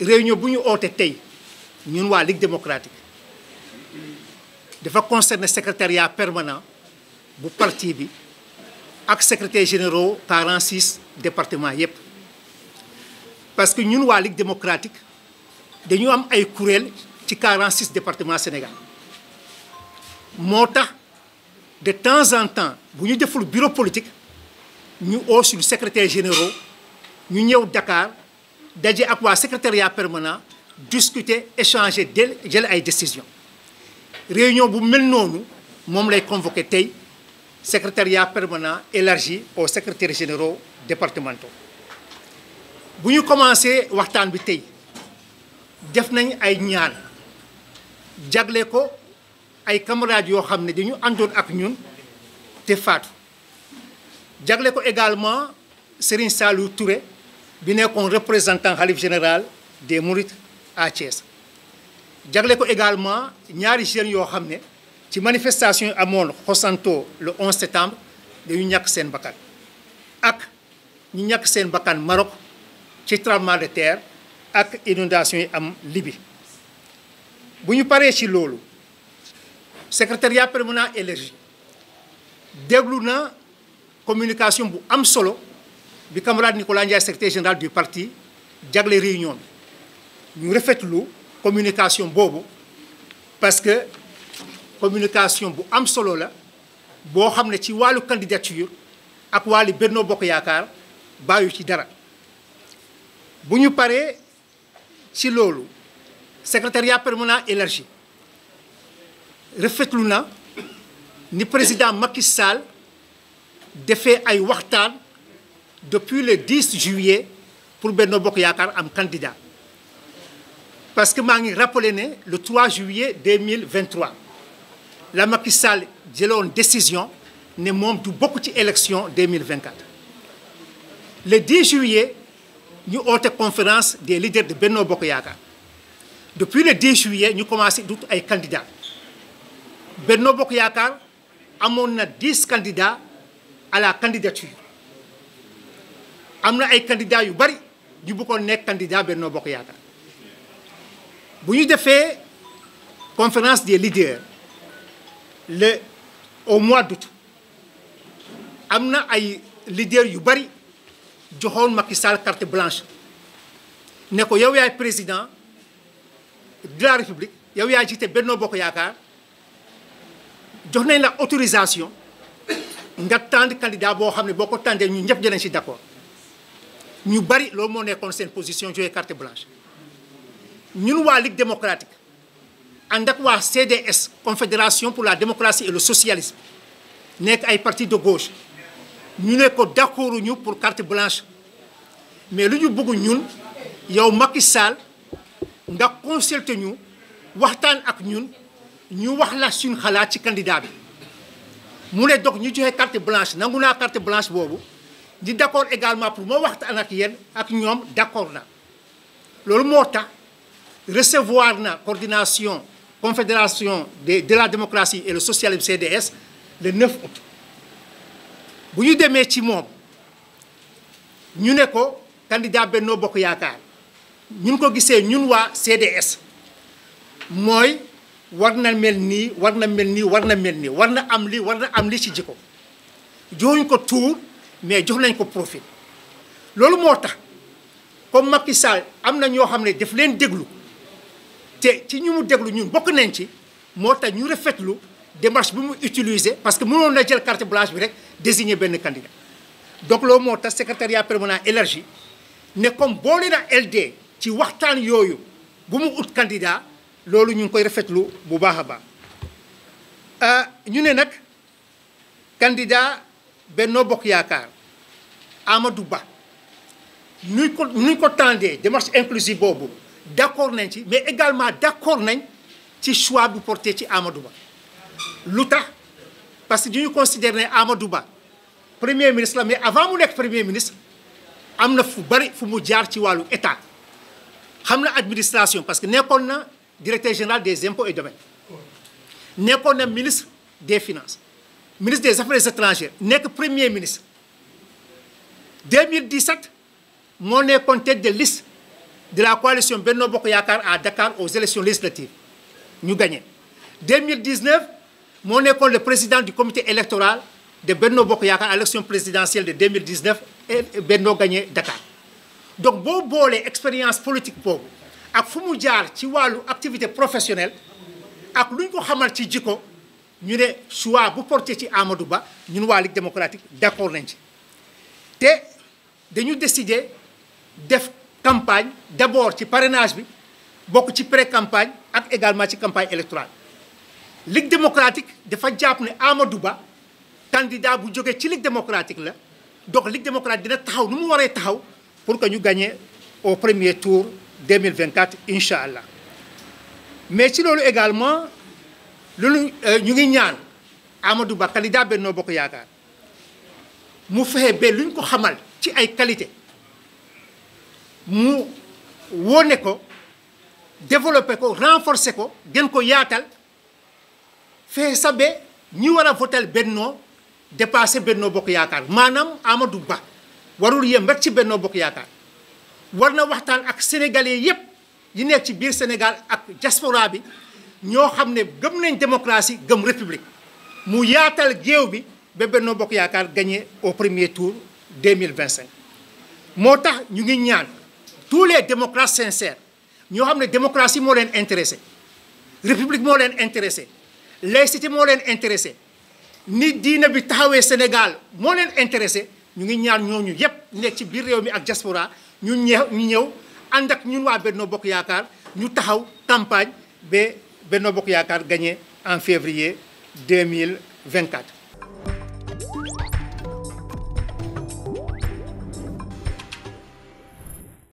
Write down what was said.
réunion bu ñu oote tey ñun waa Ligue démocratique dafa concerner secrétariat permanent bu parti bi ak secrétaire généraux 46 départements yépp parce que ñun waa Ligue démocratique dañu am ay kuréel ci 46 départements Sénégal moo tax de temps en temps bu ñu deful bureau politique ñu oosul secrétaire généraux ñu ñëw dakaar daje ak waa secrétariat permanent discuter échanger del jël ay décision réunion bu mel noonu moom lay convoqué tey secrétariat permanent élargi aux secrétaires généraux départementaux bu ñu commencé waxtaan bi tey def nañ ay ñaan jagle ko ay camarades yoo xam ne dañu àndoon ak ñun te faatu jagle ko également Serigne Saliou Touré bi nekkoon représentant xalif général des Mourides à Thiès jagle ko également ñaari jeunes yoo xam ne ci manifestation yi amoon Xosanto le 11 septembre dañu ñàkk seen bakkan ak ñu ñàkk seen bakkan Maroc ci tremblement de terre ak inondation yi am Libye bu ñu paree ci loolu secrétariat permanent élargi déglu na communication bu am solo bi camarade Nicolas Ndiaye secrétaire général du parti jagle réunion bi ñu rafetlu communication boobu parce que communication bu am solo la boo xam ne ci wàllu candidature ak wàllu Benno Bokk Yaakaar bàyyu ci dara bu ñu paree ci loolu secrétariat permanent élargi rafetlu na ni président Macky Sall defee ay waxtaan depuis le 10 juillet pour Benno Bokk Yaakaar am candidat parce que maa ngi rappelé ne le 3 juillet 2023 la Macky Sall jëloon décision ne moom du bokk ci élection 2024. le 10 juillet ñu oote conférence des leaders de Benno Bokk Yaakaar depuis le 10 juillet ñu commencé dut ay candidats Benno Bokk Yaakaar amoon na 10 candidats. à la candidature am na ay candidats yu bari yu bukkoon nekk candidat Benno Bokk Yaakaar bu ñu defee conférence des leaders le au mois d'août am na ay leaders yu bari joxoon Macky Sall carte blanche ne ko yow yaay président de la République yow yaay jiite Benno Bokk Yaakaar jox nañ la autorisation nga tend candidat boo xam ne boo ko tànnee ñu ñëpp jëlee si d' ñu bari loolu moo nekkoon seen position jouer carte blanche ñun waa Ligue démocratique ànd ak waa CDS confédération pour la démocratie et le socialisme nekk ay parti de gauche ñu ne ko d' accord pour carte blanche mais lu ñu bëgg ñun yow Macky Sall nga consulté ñu waxtaan ak ñun ñu wax la suñu xalaat ci candidat bi. mu ne donc ñu joxe carte blanche nangu naa carte blanche boobu di d'accord également pour ma waxtaan ak yéen ak ñoom d'accord na loolu moo tax recevoir na coordination confédération de de la démocratie et le socialisme CDS le 9 août bu ñu demee ci moom ñu ne ko candidat Benno Bokk Yaakaar ñun ko gisee ñun waa CDS mooy war na mel nii war na mel nii war na mel nii war na am lii war na am lii ci jikko joxuñ ko tuur mais jox nañ ko profil loolu moo tax comme Macky Sall am na ñoo xam ne daf leen déglu te ci ñu mu déglu ñu mbokk nañ ci moo tax ñu rafetlu démarche bi mu utiliser parce que mënoon na jël carte blanche bi rek désigner benn candidat donc loolu moo tax secrétariat permanent élargi ne comme boole na LD ci waxtaan yooyu bu mu ut candidat loolu ñu ngi koy rafetlu bu baax a baax ah, ñu ne nag candidat Benno Bokk Yaakaar Amadou Ba nuñ ko nuñ ko tendee démarche inclusive boobu d' accord nañ ci mais également d' nañ ci choix bu porté ci Amadou Ba lu tax parce que ñu considère ne Amadou Ba premier ministre la mais avant mu nekk premier ministre am na fu bari fu mu jaar ci wàllu état xam na administration parce que nekkoon na directeur général des impôts et nekkoon na ministre des finances ministre des affaires étrangères nekk premier ministre 2017 moo nekkoon tête de de la coalition Benno Bokk Yaakaar à Dakar aux élections législatives ñu gagné 2019 moo nekkoon le président du comité électoral de Benno Bokk Yaakaar à l'élection présidentielle de 2019 et Benno gagné Dakar donc boo boolee expérience politique boobu ak fu mu jaar ci wàllu activité professionnelle ak lu ñu ko xamal ci jikko ñu ne choix bu porté ci Amadou Ba ñun waa Ligue démocratique d'accord nañ ci te dañu décider def campagne d'abord ci parrainage bi bokk ci pré-campagne ak également ci campagne électorale Ligue démocratique dafa jàpp ne Amadou Ba candidat bu jógee ci Ligue démocratique la donc Ligue démocratique dina taxaw nu mu waree taxaw pour que ñu gagner au premier tour 2024 incha allah mais ci loolu également loolu euh, ñu ngi ñaan Amadou Ba bennoo Bokk Yaakaar mu fexe ba luñ ko xamal ci ay qualité mu wone ko développer ko renforcer ko gën ko yaatal fexe sa ñi war a votel Benno dépassé Benno Bokk Yaakaar maanaam Amadou Ba warul yem rek ci Benno Bokk Yaakaar war na waxtaan ak sénégalais yépp yi nekk ci biir Sénégal ak diaspora bi ñoo xam ne gëm nañ démocratie gëm république mu yaatal géew bi ba benn Bokk Yaakaar gagné au premier tour 2025. moo tax ñu ngi ñaan tous les démocrates sincères ñoo xam ne démocratie moo leen intéressé république moo leen intéressé laïcité moo leen intéressé ni diina bi taxawee Sénégal moo leen intéressé ñu ngi ñaan ñooñu yépp nekk ci biir réew mi ak diaspora ñu ñëw ñu ñëw ànd ak ñun waa benn Bokk Yaakaar ñu taxaw campagne ba benn Bokk Yaakaar gagné en février 2024